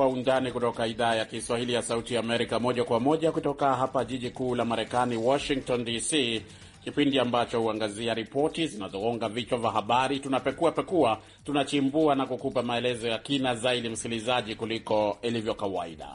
Kwa Undani kutoka idhaa ya Kiswahili ya Sauti Amerika, moja kwa moja kutoka hapa jiji kuu la Marekani, Washington DC, kipindi ambacho huangazia ripoti zinazogonga vichwa vya habari. Tunapekua pekua, tunachimbua na kukupa maelezo ya kina zaidi, msikilizaji, kuliko ilivyo kawaida.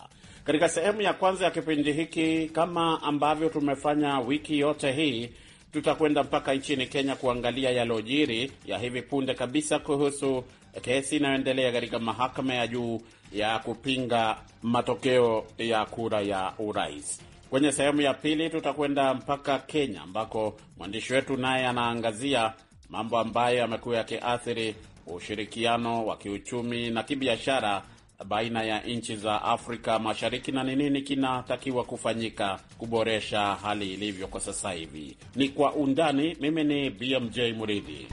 Katika sehemu ya kwanza ya kipindi hiki, kama ambavyo tumefanya wiki yote hii, tutakwenda mpaka nchini Kenya kuangalia yalojiri ya hivi punde kabisa kuhusu kesi inayoendelea katika mahakama ya juu ya kupinga matokeo ya kura ya urais. Kwenye sehemu ya pili tutakwenda mpaka Kenya ambako mwandishi wetu naye anaangazia mambo ambayo yamekuwa yakiathiri ushirikiano wa kiuchumi na kibiashara baina ya nchi za Afrika Mashariki na ni nini kinatakiwa kufanyika kuboresha hali ilivyo kwa sasa hivi. Ni kwa undani. Mimi ni BMJ Muridhi.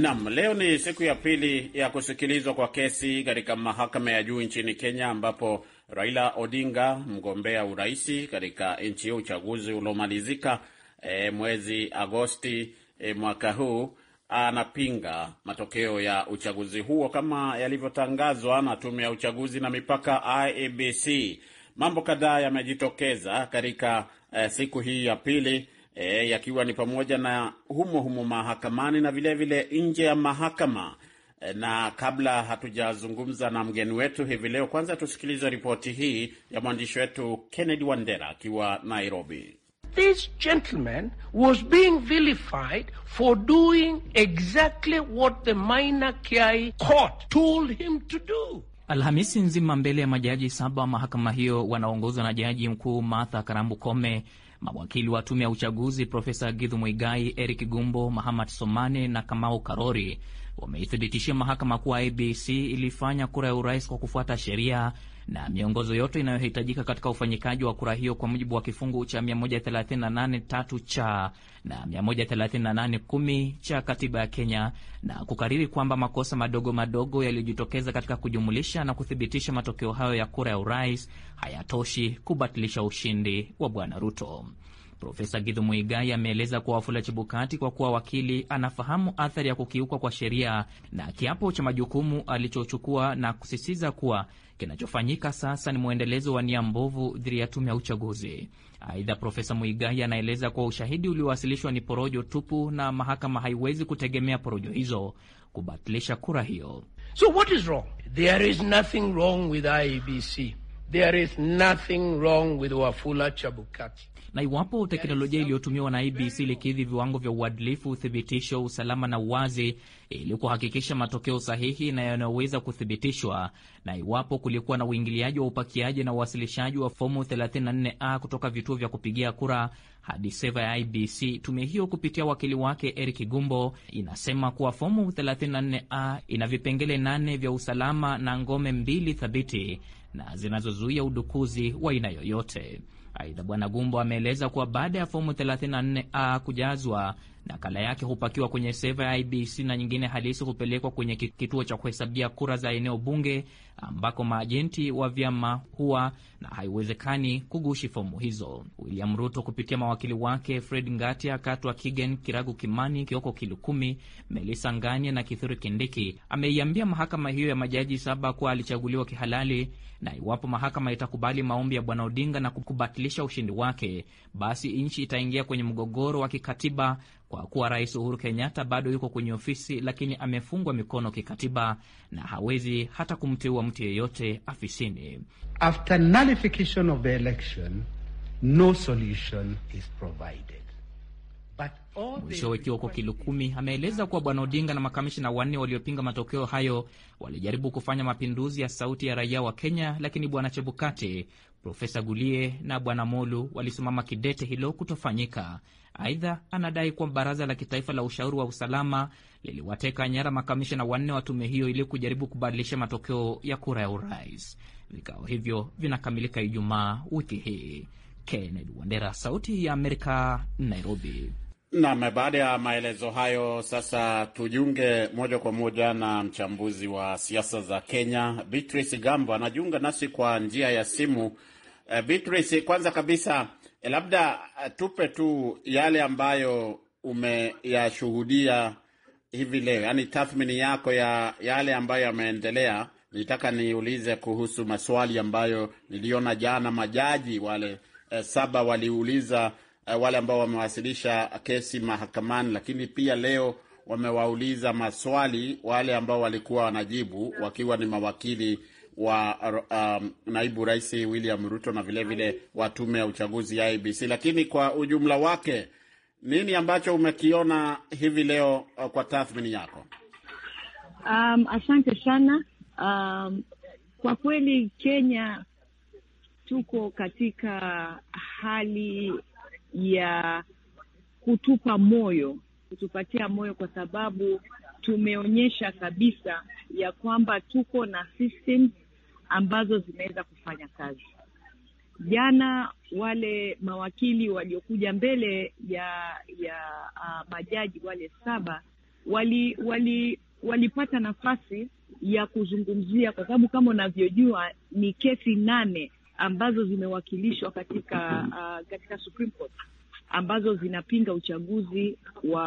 Naam, leo ni siku ya pili ya kusikilizwa kwa kesi katika mahakama ya juu nchini Kenya ambapo Raila Odinga mgombea uraisi katika nchi hiyo uchaguzi uliomalizika e, mwezi Agosti e, mwaka huu anapinga matokeo ya uchaguzi huo kama yalivyotangazwa na tume ya uchaguzi na mipaka IEBC. Mambo kadhaa yamejitokeza katika e, siku hii ya pili e, yakiwa ni pamoja na humo humo mahakamani na vilevile nje ya mahakama. E, na kabla hatujazungumza na mgeni wetu hivi leo, kwanza tusikilize ripoti hii ya mwandishi wetu Kennedy Wandera akiwa Nairobi. This gentleman was being vilified for doing exactly what the Minor Kiai court told him to do. Alhamisi nzima mbele ya majaji saba wa mahakama hiyo wanaongozwa na jaji mkuu Martha Karambu Kome Mawakili wa tume ya uchaguzi Profesa Githu mwigai Eric Gumbo, mahamad Somane na Kamau Karori wameithibitishia mahakama kuwa IBC ilifanya kura ya urais kwa kufuata sheria na miongozo yote inayohitajika katika ufanyikaji wa kura hiyo kwa mujibu wa kifungu cha 138.3 cha na 138.10 cha katiba ya Kenya, na kukariri kwamba makosa madogo madogo yaliyojitokeza katika kujumulisha na kuthibitisha matokeo hayo ya kura ya urais hayatoshi kubatilisha ushindi wa Bwana Ruto. Profesa Githu Muigai ameeleza kuwa Wafula Chebukati, kwa kuwa wakili, anafahamu athari ya kukiukwa kwa sheria na kiapo cha majukumu alichochukua, na kusisitiza kuwa kinachofanyika sasa ni mwendelezo wa nia mbovu dhidi ya tume ya uchaguzi. Aidha, Profesa Muigai anaeleza kuwa ushahidi uliowasilishwa ni porojo tupu na mahakama haiwezi kutegemea porojo hizo kubatilisha kura hiyo. So what is wrong? There is nothing wrong with IEBC. There is nothing wrong with Wafula na iwapo teknolojia iliyotumiwa na IBC ilikidhi viwango vya uadilifu, uthibitisho, usalama na uwazi ili kuhakikisha matokeo sahihi na yanayoweza kuthibitishwa, na iwapo kulikuwa na uingiliaji wa upakiaji na uwasilishaji wa fomu 34A kutoka vituo vya kupigia kura hadi seva ya IBC, tume hiyo kupitia wakili wake Eric Gumbo inasema kuwa fomu 34A ina vipengele nane vya usalama na ngome mbili thabiti na zinazozuia udukuzi wa aina yoyote. Aidha, Bwana Gumbo ameeleza kuwa baada ya fomu 34A kujazwa, nakala yake hupakiwa kwenye seva ya IBC na nyingine halisi hupelekwa kwenye kituo cha kuhesabia kura za eneo bunge ambako maajenti wa vyama huwa na haiwezekani kugushi fomu hizo. William Ruto kupitia mawakili wake Fred Ngatia, Katwa Kigen, Kiragu Kimani, Kioko Kilukumi, Melisa Ngania na Kithuri Kindiki ameiambia mahakama hiyo ya majaji saba kuwa alichaguliwa kihalali na iwapo mahakama itakubali maombi ya Bwana Odinga na kubatilisha ushindi wake, basi nchi itaingia kwenye mgogoro wa kikatiba kwa kuwa Rais Uhuru Kenyatta bado yuko kwenye ofisi, lakini amefungwa mikono kikatiba na hawezi hata kumteua mtu yeyote afisini. After nullification of the election, no solution is provided. Mwishowe Kioko Kilukumi ameeleza kuwa Bwana Odinga na makamishina wanne waliopinga matokeo hayo walijaribu kufanya mapinduzi ya sauti ya raia wa Kenya, lakini Bwana Chebukati, Profesa Gulie na Bwana Molu walisimama kidete hilo kutofanyika. Aidha, anadai kuwa baraza la kitaifa la ushauri wa usalama liliwateka nyara makamishna wanne wa tume hiyo ili kujaribu kubadilisha matokeo ya kura ya urais. Vikao hivyo vinakamilika Ijumaa wiki hii. Kennedy Wandera, Sauti ya Amerika, Nairobi. Nam, baada ya maelezo hayo, sasa tujiunge moja kwa moja na mchambuzi wa siasa za Kenya, Beatrice Gambo. Anajiunga nasi kwa njia ya simu. Eh, Beatrice, kwanza kabisa Eh, labda eh, tupe tu yale ambayo umeyashuhudia hivi leo, yaani tathmini yako ya yale ambayo yameendelea. Nitaka niulize kuhusu maswali ambayo niliona jana majaji wale e, saba waliuliza e, wale ambao wamewasilisha kesi mahakamani, lakini pia leo wamewauliza maswali wale ambao walikuwa wanajibu wakiwa ni mawakili wa um, naibu rais William Ruto na vilevile wa tume ya uchaguzi ya IBC. Lakini kwa ujumla wake, nini ambacho umekiona hivi leo uh, kwa tathmini yako? Um, asante sana. Um, kwa kweli Kenya tuko katika hali ya kutupa moyo, kutupatia moyo kwa sababu tumeonyesha kabisa ya kwamba tuko na ambazo zimeweza kufanya kazi. Jana wale mawakili waliokuja mbele ya ya uh, majaji wale saba wali, wali walipata nafasi ya kuzungumzia, kwa sababu kama unavyojua ni kesi nane ambazo zimewakilishwa katika uh, katika Supreme Court ambazo zinapinga uchaguzi wa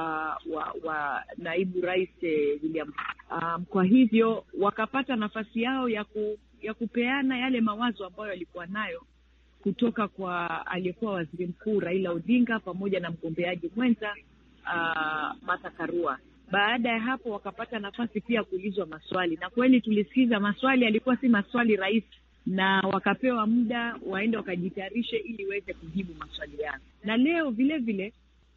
wa, wa naibu rais eh, William. Um, kwa hivyo wakapata nafasi yao ya ku ya kupeana yale mawazo ambayo yalikuwa nayo kutoka kwa aliyekuwa waziri mkuu Raila Odinga pamoja na mgombeaji mwenza uh, Martha Karua. Baada ya hapo wakapata nafasi pia ya kuulizwa maswali, na kweli tulisikiza maswali, yalikuwa si maswali rahisi, na wakapewa muda waende wakajitayarishe ili waweze kujibu maswali yao. Na leo vilevile vile,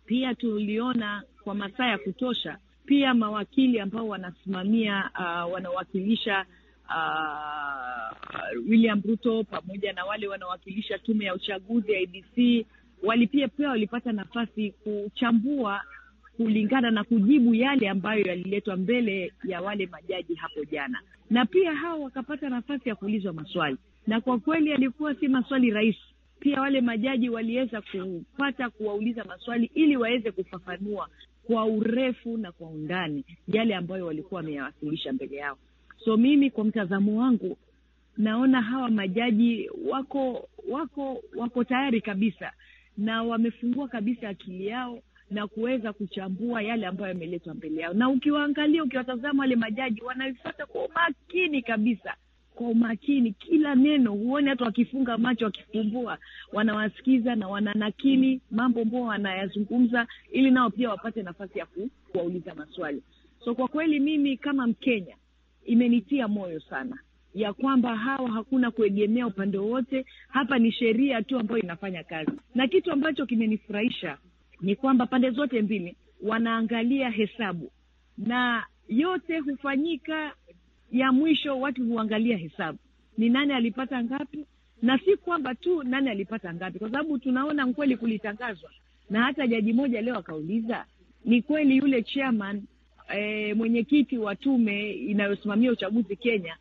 pia tuliona kwa masaa ya kutosha pia mawakili ambao wanasimamia uh, wanawakilisha uh, William Ruto pamoja na wale wanaowakilisha tume ya uchaguzi ya abc walipia pia walipata nafasi kuchambua kulingana na kujibu yale ambayo yaliletwa mbele ya wale majaji hapo jana, na pia hao wakapata nafasi ya kuulizwa maswali, na kwa kweli yalikuwa si maswali rahisi. Pia wale majaji waliweza kupata kuwauliza maswali ili waweze kufafanua kwa urefu na kwa undani yale ambayo walikuwa wameyawasilisha mbele yao. So mimi kwa mtazamo wangu naona hawa majaji wako wako wako tayari kabisa na wamefungua kabisa akili yao na kuweza kuchambua yale ambayo yameletwa mbele yao, na ukiwaangalia, ukiwatazama wale majaji wanaifuata kwa umakini kabisa, kwa umakini kila neno. huone hata wakifunga macho, wakifumbua, wanawasikiza na wananakili mambo ambayo wanayazungumza, ili nao pia wapate nafasi ya kuwauliza maswali. So kwa kweli mimi kama Mkenya imenitia moyo sana ya kwamba hawa hakuna kuegemea upande wowote hapa, ni sheria tu ambayo inafanya kazi, na kitu ambacho kimenifurahisha ni kwamba pande zote mbili wanaangalia hesabu, na yote hufanyika ya mwisho, watu huangalia hesabu, ni nani alipata ngapi, na si kwamba tu nani alipata ngapi, kwa sababu tunaona kweli kulitangazwa, na hata jaji moja leo akauliza, ni kweli yule chairman e, mwenyekiti wa tume inayosimamia uchaguzi Kenya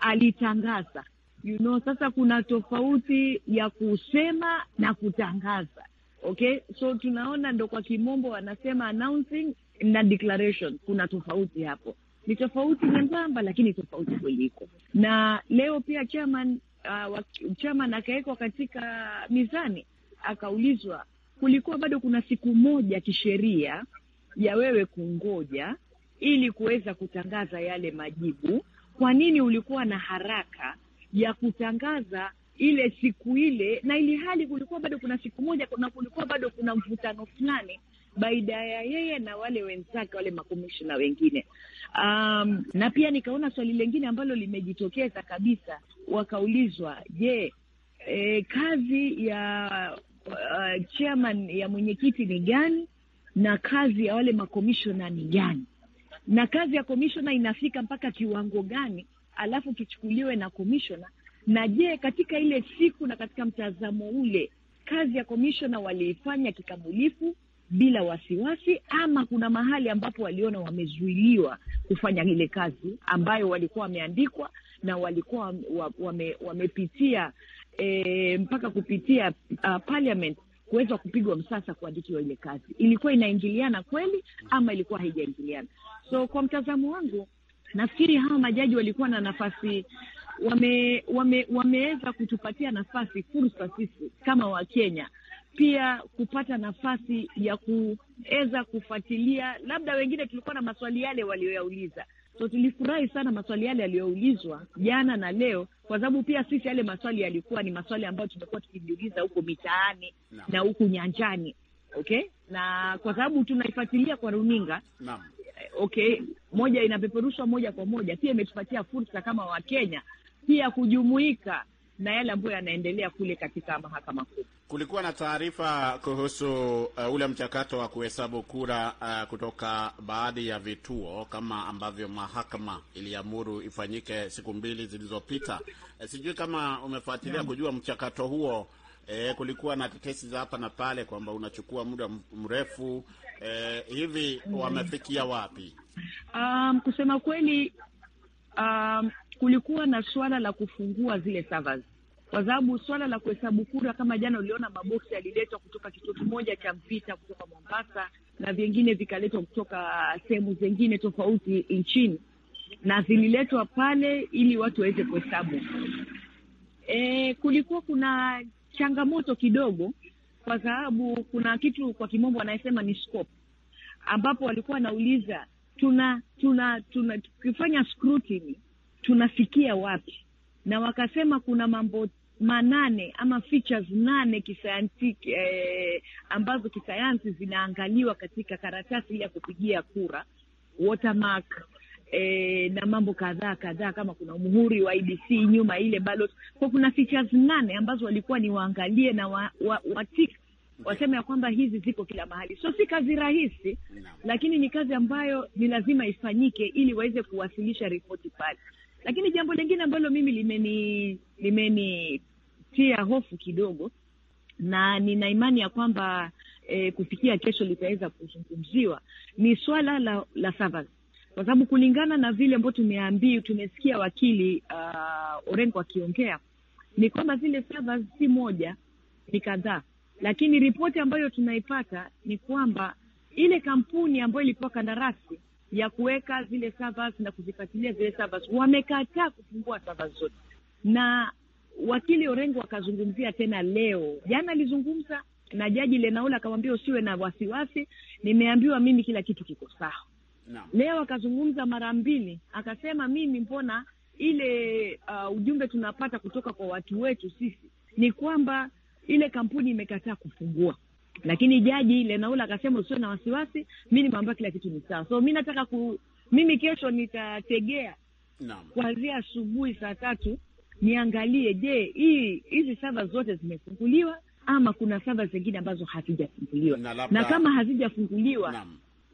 alitangaza you know, sasa kuna tofauti ya kusema na kutangaza. Okay, so tunaona ndo kwa kimombo wanasema announcing na declaration, kuna tofauti hapo. Ni tofauti nyembamba, lakini tofauti kuliko na leo pia chairman uh, chairman akawekwa katika mizani, akaulizwa kulikuwa bado kuna siku moja kisheria ya wewe kungoja ili kuweza kutangaza yale majibu. Kwa nini ulikuwa na haraka ya kutangaza ile siku ile, na ili hali kulikuwa bado kuna siku moja na kulikuwa bado kuna mvutano fulani baida ya yeye na wale wenzake wale makomishona wengine. Um, na pia nikaona swali lingine ambalo limejitokeza kabisa, wakaulizwa je, e, kazi ya uh, chairman ya mwenyekiti ni gani na kazi ya wale makomishona ni gani? na kazi ya komishona inafika mpaka kiwango gani, alafu kichukuliwe na komishona. Na je, katika ile siku na katika mtazamo ule, kazi ya komishona waliifanya kikamilifu bila wasiwasi, ama kuna mahali ambapo waliona wamezuiliwa kufanya ile kazi ambayo walikuwa wameandikwa na walikuwa wame, wamepitia e, mpaka kupitia uh, parliament kuweza kupigwa msasa kuandikiwa ile kazi ilikuwa inaingiliana kweli ama ilikuwa haijaingiliana. So kwa mtazamo wangu, nafikiri hawa majaji walikuwa na nafasi wame, wame, wameweza kutupatia nafasi, fursa sisi kama Wakenya pia kupata nafasi ya kuweza kufuatilia, labda wengine tulikuwa na maswali yale walioyauliza So tulifurahi sana maswali yale yaliyoulizwa jana na leo, kwa sababu pia sisi yale maswali yalikuwa ni maswali ambayo tumekuwa tukijiuliza huko mitaani na, na huku nyanjani okay, na kwa sababu tunaifuatilia kwa runinga na. Okay, moja inapeperushwa moja kwa moja, pia imetupatia fursa kama Wakenya pia kujumuika na yale ambayo yanaendelea kule katika mahakama kuu. Kulikuwa na taarifa kuhusu uh, ule mchakato wa kuhesabu kura uh, kutoka baadhi ya vituo kama ambavyo mahakama iliamuru ifanyike siku mbili zilizopita. Uh, sijui kama umefuatilia kujua mchakato huo. E, kulikuwa na tetesi za hapa na pale kwamba unachukua muda mrefu e, hivi mm. wamefikia wapi? Um, kusema kweli um, kulikuwa na swala la kufungua zile servers kwa sababu swala la kuhesabu kura kama jana uliona maboksi yaliletwa kutoka kituo kimoja cha Mpita kutoka Mombasa na vingine vikaletwa kutoka sehemu zingine tofauti nchini, na zililetwa pale ili watu waweze kuhesabu. E, kulikuwa kuna changamoto kidogo, kwa sababu kuna kitu kwa kimombo anayesema ni scope, ambapo walikuwa wanauliza tuna tuna tuna tukifanya scrutiny tunafikia wapi, na wakasema kuna mambo manane ama features nane kisayansi eh, ambazo kisayansi zinaangaliwa katika karatasi ile ya kupigia kura watermark, eh, na mambo kadhaa kadhaa, kama kuna muhuri wa IBC nyuma ile ballot. Kwa kuna features nane ambazo walikuwa ni waangalie na wa, wa, watik waseme ya kwamba hizi ziko kila mahali. So si kazi rahisi, lakini ni kazi ambayo ni lazima ifanyike ili waweze kuwasilisha ripoti pale. Lakini jambo lingine ambalo mimi limeni limenitia hofu kidogo, na nina imani ya kwamba eh, kufikia kesho litaweza kuzungumziwa ni swala la, la Savas kwa sababu kulingana na vile ambao tumeambiwa, tumesikia wakili uh, Orengo akiongea ni kwamba zile sava si moja, ni kadhaa, lakini ripoti ambayo tunaipata ni kwamba ile kampuni ambayo ilikuwa kandarasi ya kuweka zile servers na kuzifuatilia zile servers. Wamekataa kufungua servers zote, na wakili Orengo akazungumzia tena leo, jana alizungumza na jaji Lenaula akamwambia, usiwe na wasiwasi, nimeambiwa mimi kila kitu kiko sawa. No. Leo akazungumza mara mbili, akasema mimi, mbona ile uh, ujumbe tunapata kutoka kwa watu wetu sisi ni kwamba ile kampuni imekataa kufungua lakini jaji Lenaula akasema usio na wasiwasi, mi nimeambiwa kila kitu ni sawa. So mi nataka ku, mimi kesho nitategea kuanzia asubuhi saa tatu niangalie, je, hii hizi sava zote zimefunguliwa ama kuna sava zingine ambazo hazijafunguliwa na, na kama hazijafunguliwa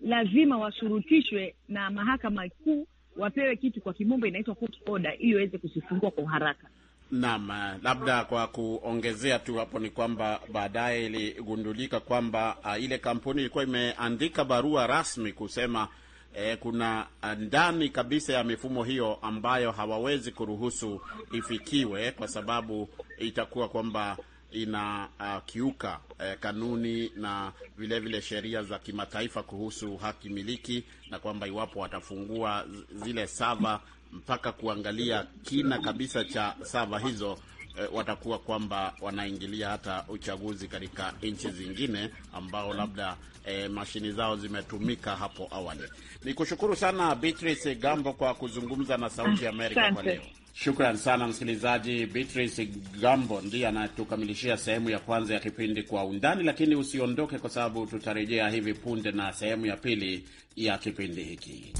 lazima washurutishwe na mahakama kuu, wapewe kitu kwa kimombo inaitwa court order ili waweze kuzifungua kwa uharaka. Naam, eh, labda kwa kuongezea tu hapo ni kwamba baadaye iligundulika kwamba uh, ile kampuni ilikuwa imeandika barua rasmi kusema eh, kuna eh, ndani kabisa ya mifumo hiyo ambayo hawawezi kuruhusu ifikiwe kwa sababu itakuwa kwamba ina uh, kiuka eh, kanuni na vile vile sheria za kimataifa kuhusu haki miliki, na kwamba iwapo watafungua zile sava mpaka kuangalia kina kabisa cha sava hizo e, watakuwa kwamba wanaingilia hata uchaguzi katika nchi zingine ambao labda e, mashini zao zimetumika hapo awali. Ni kushukuru sana Beatrice Gambo kwa kuzungumza na Sauti ya Amerika kwa leo. Shukran sana msikilizaji. Beatrice Gambo ndiye anatukamilishia sehemu ya kwanza ya kipindi Kwa Undani, lakini usiondoke, kwa sababu tutarejea hivi punde na sehemu ya pili ya kipindi hiki.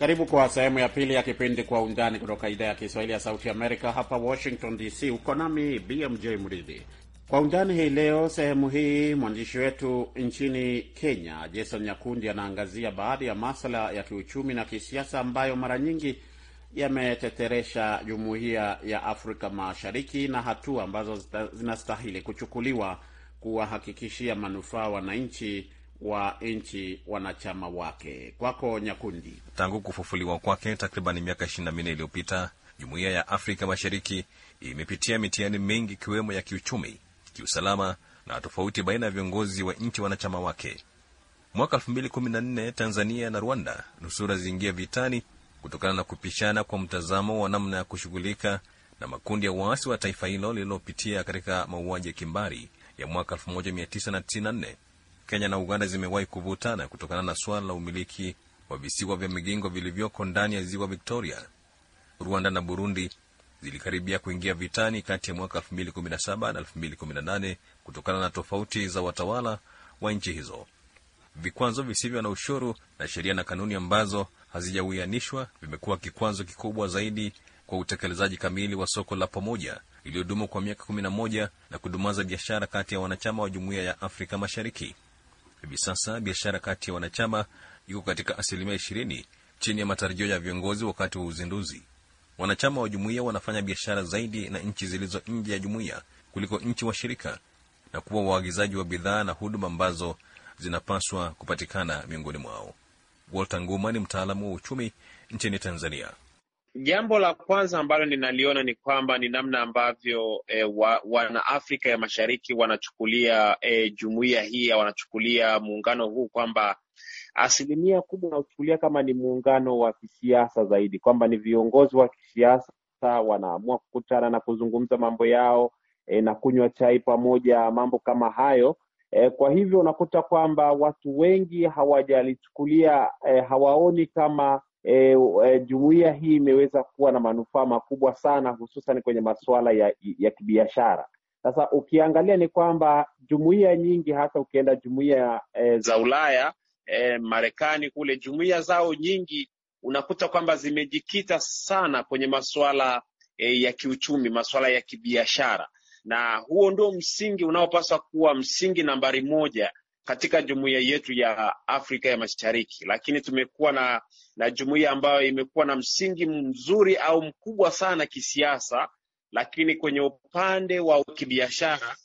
Karibu kwa sehemu ya pili ya kipindi Kwa Undani kutoka idhaa ya Kiswahili ya Sauti Amerika hapa Washington DC. Uko nami BMJ Mridhi. Kwa Undani hii leo, sehemu hii, mwandishi wetu nchini Kenya Jason Nyakundi anaangazia baadhi ya masuala ya kiuchumi na kisiasa ambayo mara nyingi yameteteresha jumuiya ya Afrika Mashariki na hatua ambazo zinastahili kuchukuliwa kuwahakikishia manufaa wananchi wa nchi wanachama wake. Kwako Nyakundi. Tangu kufufuliwa kwake takriban miaka ishirini na minne iliyopita, jumuiya ya Afrika Mashariki imepitia mitihani mingi, ikiwemo ya kiuchumi, kiusalama na tofauti baina ya viongozi wa nchi wanachama wake. Mwaka elfu mbili kumi na nne Tanzania na Rwanda nusura ziingia vitani kutokana na kupishana kwa mtazamo wa namna ya kushughulika na makundi ya waasi wa taifa hilo lililopitia katika mauaji ya kimbari ya mwaka 1994. Kenya na Uganda zimewahi kuvutana kutokana na suala la umiliki wa visiwa vya Migingo vilivyoko ndani ya ziwa Victoria. Rwanda na Burundi zilikaribia kuingia vitani kati ya mwaka 2017 na 2018 kutokana na tofauti za watawala wa nchi hizo. Vikwazo visivyo na ushuru na sheria na kanuni ambazo hazijawianishwa vimekuwa kikwazo kikubwa zaidi kwa utekelezaji kamili wa soko la pamoja iliyodumu kwa miaka 11 na kudumaza biashara kati ya wanachama wa Jumuiya ya Afrika Mashariki. Hivi sasa biashara kati ya wanachama iko katika asilimia ishirini, chini ya matarajio ya viongozi wakati wa uzinduzi. Wanachama wa jumuiya wanafanya biashara zaidi na nchi zilizo nje ya jumuiya kuliko nchi washirika na kuwa waagizaji wa bidhaa na huduma ambazo zinapaswa kupatikana miongoni mwao. Walter Nguma ni mtaalamu wa uchumi nchini Tanzania. Jambo la kwanza ambalo ninaliona ni kwamba ni namna ambavyo e, wa, wana Afrika ya Mashariki wanachukulia e, jumuiya hii, wanachukulia muungano huu kwamba asilimia kubwa wanachukulia kama ni muungano wa kisiasa zaidi, kwamba ni viongozi wa kisiasa wanaamua kukutana na kuzungumza mambo yao e, na kunywa chai pamoja, mambo kama hayo. E, kwa hivyo unakuta kwamba watu wengi hawajalichukulia e, hawaoni kama e, e, jumuiya hii imeweza kuwa na manufaa makubwa sana, hususan kwenye masuala ya, ya kibiashara. Sasa ukiangalia ni kwamba jumuiya nyingi, hasa ukienda jumuiya e, za Ulaya e, Marekani kule, jumuiya zao nyingi unakuta kwamba zimejikita sana kwenye masuala e, ya kiuchumi, masuala ya kibiashara, na huo ndio msingi unaopaswa kuwa msingi nambari moja katika jumuiya yetu ya Afrika ya Mashariki, lakini tumekuwa na, na jumuiya ambayo imekuwa na msingi mzuri au mkubwa sana kisiasa, lakini kwenye upande wa kibiashara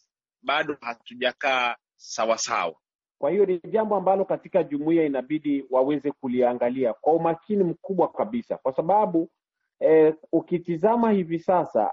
bado hatujakaa sawasawa. Kwa hiyo ni jambo ambalo katika jumuiya inabidi waweze kuliangalia kwa umakini mkubwa kabisa, kwa sababu eh, ukitizama hivi sasa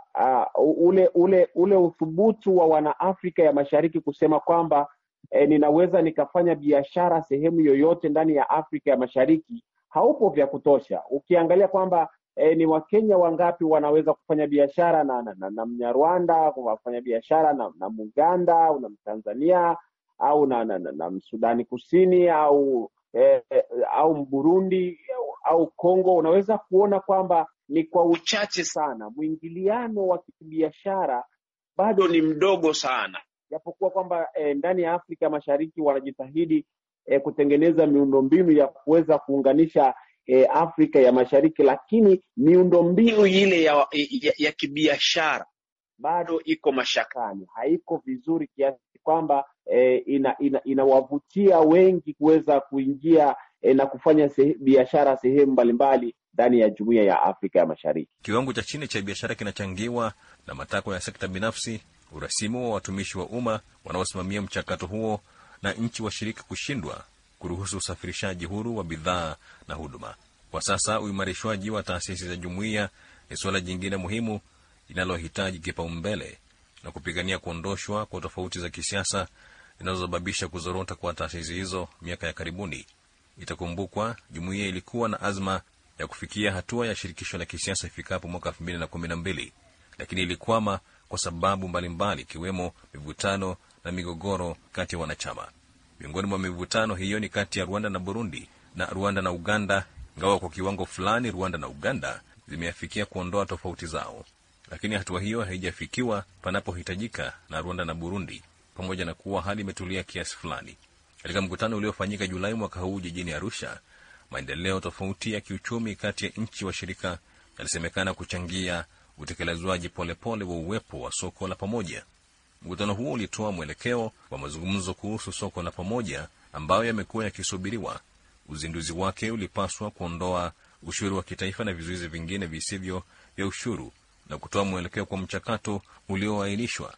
uh, ule ule ule uthubutu wa wanaafrika ya Mashariki kusema kwamba e, ninaweza nikafanya biashara sehemu yoyote ndani ya Afrika ya Mashariki haupo vya kutosha. Ukiangalia kwamba e, ni Wakenya wangapi wanaweza kufanya biashara na, na, na, na Mnyarwanda kufanya biashara na, na Muganda au na Mtanzania au na, na, na, na Msudani Kusini au e, e, au Burundi au Kongo, unaweza kuona kwamba ni kwa uchache sana. Mwingiliano wa kibiashara bado ni mdogo sana japokuwa kwamba e, ndani ya Afrika Mashariki wanajitahidi e, kutengeneza miundombinu ya kuweza kuunganisha e, Afrika ya Mashariki, lakini miundombinu ile ya, ya, ya kibiashara bado iko mashakani, haiko vizuri kiasi kwamba e, inawavutia ina, ina wengi kuweza kuingia e, na kufanya sehe, biashara sehemu mbalimbali ndani ya jumuiya ya Afrika ya Mashariki. Kiwango cha chini cha biashara kinachangiwa na matakwa ya sekta binafsi urasimu wa watumishi wa umma wanaosimamia mchakato huo na nchi washiriki kushindwa kuruhusu usafirishaji huru wa bidhaa na huduma. Kwa sasa uimarishwaji wa taasisi za jumuiya ni suala jingine muhimu linalohitaji kipaumbele na kupigania kuondoshwa kwa tofauti za kisiasa zinazosababisha kuzorota kwa taasisi hizo miaka ya karibuni. Itakumbukwa jumuiya ilikuwa na azma ya kufikia hatua ya shirikisho la kisiasa ifikapo mwaka 212 lakini ilikwama kwa sababu mbalimbali ikiwemo mbali mivutano na migogoro kati ya wanachama. Miongoni mwa mivutano hiyo ni kati ya Rwanda na Burundi na Rwanda na Uganda, ingawa kwa kiwango fulani Rwanda na Uganda zimeafikia kuondoa tofauti zao, lakini hatua hiyo haijafikiwa panapohitajika na Rwanda na Burundi, pamoja na kuwa hali imetulia kiasi fulani. Katika mkutano uliofanyika Julai mwaka huu jijini Arusha, maendeleo tofauti ya kiuchumi kati ya nchi washirika yalisemekana kuchangia utekelezwaji polepole wa uwepo wa soko la pamoja. Mkutano huo ulitoa mwelekeo wa mazungumzo kuhusu soko la pamoja ambayo yamekuwa yakisubiriwa. Uzinduzi wake ulipaswa kuondoa ushuru wa kitaifa na vizuizi vingine visivyo vya ushuru na kutoa mwelekeo kwa mchakato ulioainishwa.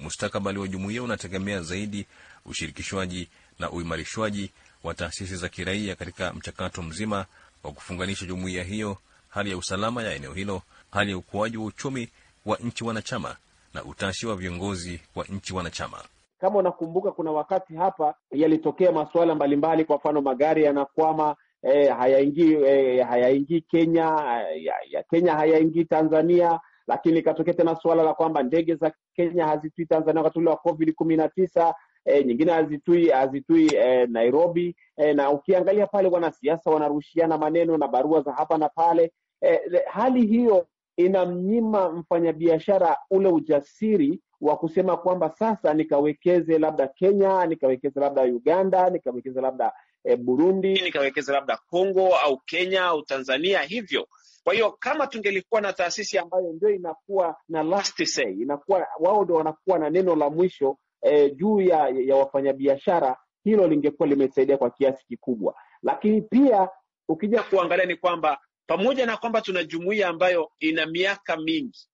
Mustakabali wa jumuiya unategemea zaidi ushirikishwaji na uimarishwaji wa taasisi za kiraia katika mchakato mzima wa kufunganisha jumuiya hiyo, hali ya usalama ya eneo hilo hali ya ukuaji wa uchumi wa nchi wanachama na utashi wa viongozi wa nchi wanachama. Kama unakumbuka, kuna wakati hapa yalitokea masuala mbalimbali, kwa mfano magari yanakwama, e, hayaingii e, hayaingii Kenya eh, ya, ya Kenya hayaingii Tanzania, lakini likatokea tena suala la kwamba ndege za Kenya hazitui Tanzania wakati ule wa Covid kumi na tisa. E, nyingine hazitui hazitui e, Nairobi e, na ukiangalia pale wanasiasa wanarushiana maneno na barua za hapa na pale e, le, hali hiyo inamnyima mfanyabiashara ule ujasiri wa kusema kwamba sasa nikawekeze labda Kenya, nikawekeze labda Uganda, nikawekeze labda e, Burundi, nikawekeze labda congo au Kenya au Tanzania hivyo. Kwa hiyo kama tungelikuwa na taasisi ambayo ndio inakuwa na last say, inakuwa wao ndio wanakuwa na neno la mwisho e, juu ya, ya wafanyabiashara, hilo lingekuwa limesaidia kwa kiasi kikubwa, lakini pia ukija kuangalia ni kwamba pamoja na kwamba tuna jumuiya ambayo ina miaka mingi,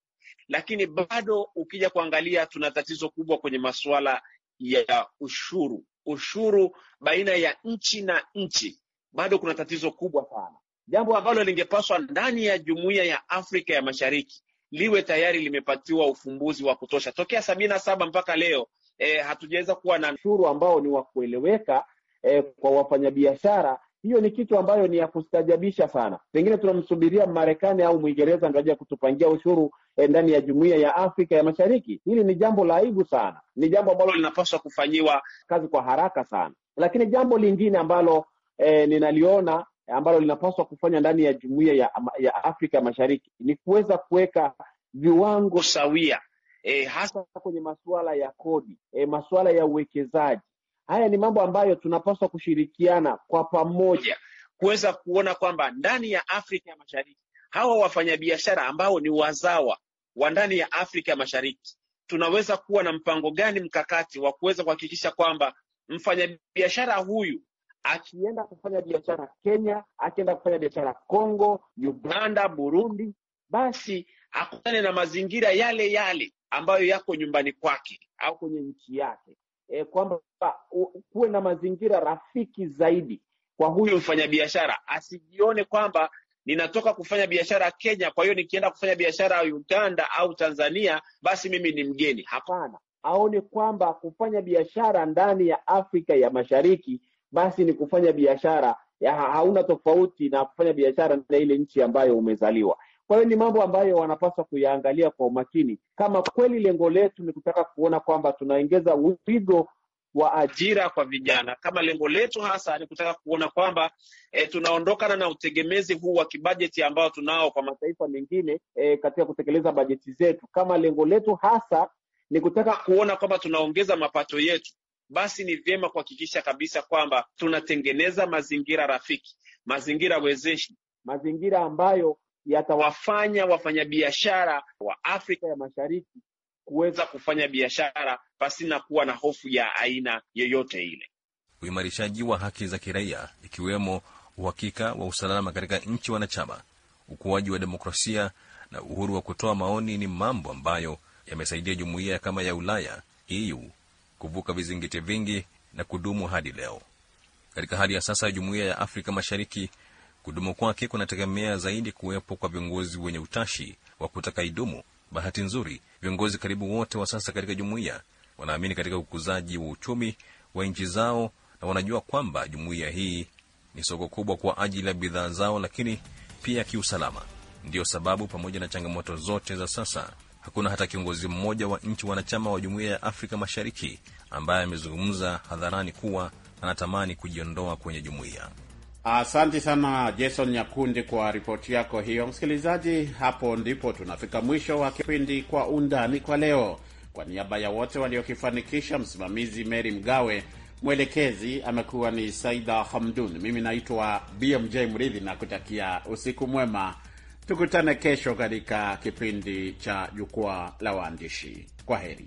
lakini bado ukija kuangalia, tuna tatizo kubwa kwenye masuala ya ushuru. Ushuru baina ya nchi na nchi, bado kuna tatizo kubwa sana, jambo ambalo lingepaswa ndani ya jumuiya ya Afrika ya Mashariki liwe tayari limepatiwa ufumbuzi wa kutosha tokea sabini na saba mpaka leo. E, hatujaweza kuwa na ushuru ambao ni wa kueleweka e, kwa wafanyabiashara hiyo ni kitu ambayo ni ya kustajabisha sana. Pengine tunamsubiria Marekani au Mwingereza ndio kutupangia ushuru eh, ndani ya jumuiya ya Afrika ya Mashariki. Hili ni jambo la aibu sana, ni jambo ambalo linapaswa kufanyiwa kazi kwa haraka sana. Lakini jambo lingine ambalo eh, ninaliona ambalo linapaswa kufanya ndani ya jumuiya ya, ya Afrika Mashariki ni kuweza kuweka viwango sawia, eh, hasa kwenye masuala ya kodi, eh, masuala ya uwekezaji Haya ni mambo ambayo tunapaswa kushirikiana kwa pamoja kuweza kuona kwamba ndani ya Afrika ya Mashariki hawa wafanyabiashara ambao ni wazawa wa ndani ya Afrika ya Mashariki tunaweza kuwa na mpango gani mkakati wa kuweza kuhakikisha kwamba mfanyabiashara huyu akienda kufanya biashara Kenya, akienda kufanya biashara Kongo, Uganda, Burundi, basi akutane na mazingira yale yale ambayo yako nyumbani kwake au kwenye nchi yake e, kwamba kuwe na mazingira rafiki zaidi kwa huyu mfanyabiashara, asijione kwamba ninatoka kufanya biashara Kenya, kwa hiyo nikienda kufanya biashara Uganda au Tanzania, basi mimi ni mgeni. Hapana, aone kwamba kufanya biashara ndani ya Afrika ya Mashariki basi ni kufanya biashara ya hauna tofauti na kufanya biashara na ile nchi ambayo umezaliwa. Kwa hiyo ni mambo ambayo wanapaswa kuyaangalia kwa umakini, kama kweli lengo letu ni kutaka kuona kwamba tunaongeza wigo wa ajira kwa vijana, kama lengo letu hasa ni kutaka kuona kwamba e, tunaondokana na utegemezi huu wa kibajeti ambao tunao kwa mataifa mengine e, katika kutekeleza bajeti zetu, kama lengo letu hasa ni kutaka kuona kwamba tunaongeza mapato yetu, basi ni vyema kuhakikisha kabisa kwamba tunatengeneza mazingira rafiki, mazingira wezeshi, mazingira ambayo yatawafanya wafanyabiashara wa Afrika ya Mashariki kuweza kufanya biashara pasina kuwa na hofu ya aina yoyote ile. Uimarishaji wa haki za kiraia ikiwemo uhakika wa usalama katika nchi wanachama, ukuaji wa demokrasia na uhuru wa kutoa maoni ni mambo ambayo yamesaidia jumuiya kama ya Ulaya EU kuvuka vizingiti vingi na kudumu hadi leo. Katika hali ya sasa, jumuiya ya Afrika Mashariki Kudumu kwake kunategemea zaidi kuwepo kwa viongozi wenye utashi wa kutaka idumu. Bahati nzuri, viongozi karibu wote wa sasa katika jumuiya wanaamini katika ukuzaji wa uchumi wa nchi zao na wanajua kwamba jumuiya hii ni soko kubwa kwa ajili ya bidhaa zao, lakini pia kiusalama. Ndiyo sababu pamoja na changamoto zote za sasa, hakuna hata kiongozi mmoja wa nchi wanachama wa jumuiya ya Afrika Mashariki ambaye amezungumza hadharani kuwa anatamani kujiondoa kwenye jumuiya. Asante sana Jason Nyakundi kwa ripoti yako hiyo. Msikilizaji, hapo ndipo tunafika mwisho wa kipindi Kwa Undani kwa leo. Kwa niaba ya wote waliokifanikisha, msimamizi Meri Mgawe, mwelekezi amekuwa ni Saida Hamdun, mimi naitwa BMJ Mridhi na kutakia usiku mwema. Tukutane kesho katika kipindi cha Jukwaa la Waandishi. Kwa heri.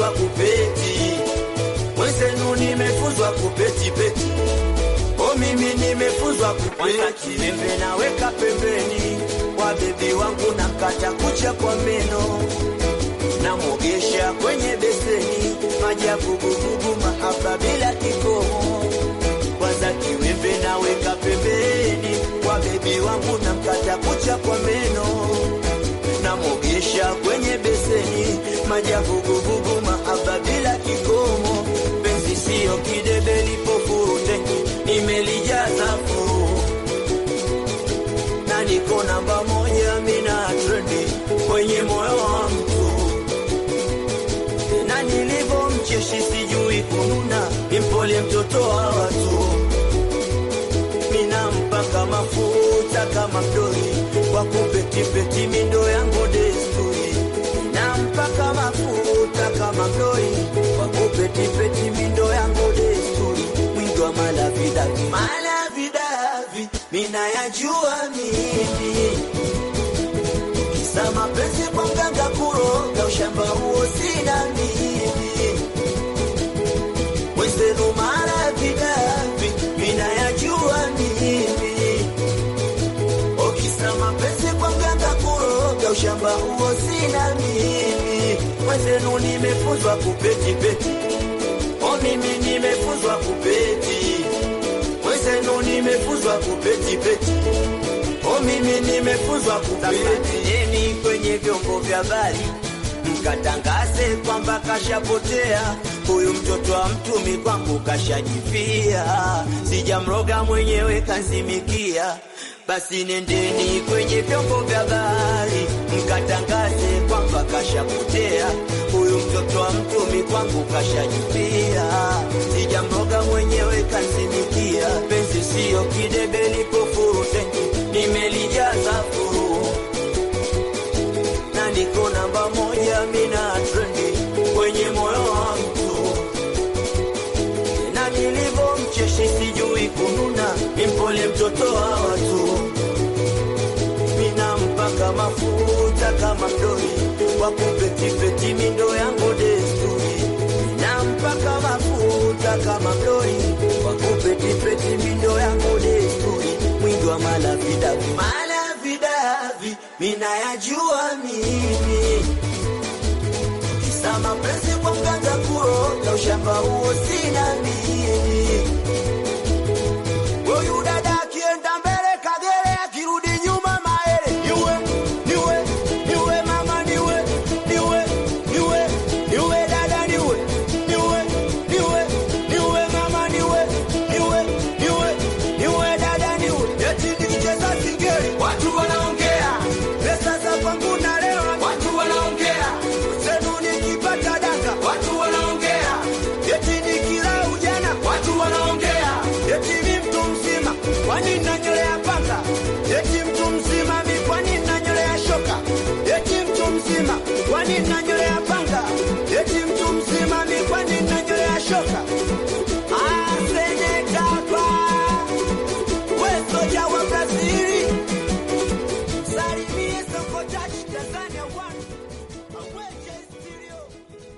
nimefunzwa kupeti, mwenzenu nimefunzwa kupeti peti, o mimi nimefunzwa kupeti pembe, naweka pembeni kwa bebi wangu, na kata kucha kwa meno, na mogesha kwenye beseni, maji ya vuguvugu, mahaba bila kikomo. Kwanza kiwembe naweka pembeni kwa bebi wangu, na mkata kucha kwa meno namwogesha kwenye beseni, maji ya vuguvugu, mahaba bila kikomo. Penzi siyo kidebe lipofurute, nimelijaza furu na niko namba moja, mina trendi kwenye moyo wa mtu, na mcheshi sijui kununa, impole mtoto wa watu, mina mpaka mafuta kama mdoli namba huo sina pese kwa mganga kuroga ushamba huo sina mimi, wenzenu nimefunzwa kupeti peti, o mimi nimefunzwa kupeti, wenzenu nimefunzwa kupeti peti o mimi nimefunzwa kupeti. Zamaniyeni kwenye vyombo vya habari mkatangaze kwamba kashapotea huyu mtoto wa mtumi, kwangu kashajifia, sijamroga mwenyewe kazimikia Basi nendeni kwenye vyombo vya habari mkatangaze kwamba kashapotea huyu mtoto wa mtumi, kwangu kashajifia, sijamroga mwenyewe kanzimikia. Penzi siyo kidebe likofurute, nimelijaza yule mtoto wa watu, mina mpaka mafuta kama mdoli wa kupetifeti, mindo yangu desturi, mina mpaka mafuta kama mdoli wa kupetifeti, mindo yangu desturi, mwingi wa malavidavi, malavidavi mina yajua mimi, kisa mapenzi kwa mganga kuroga, ushamba huo sina mimi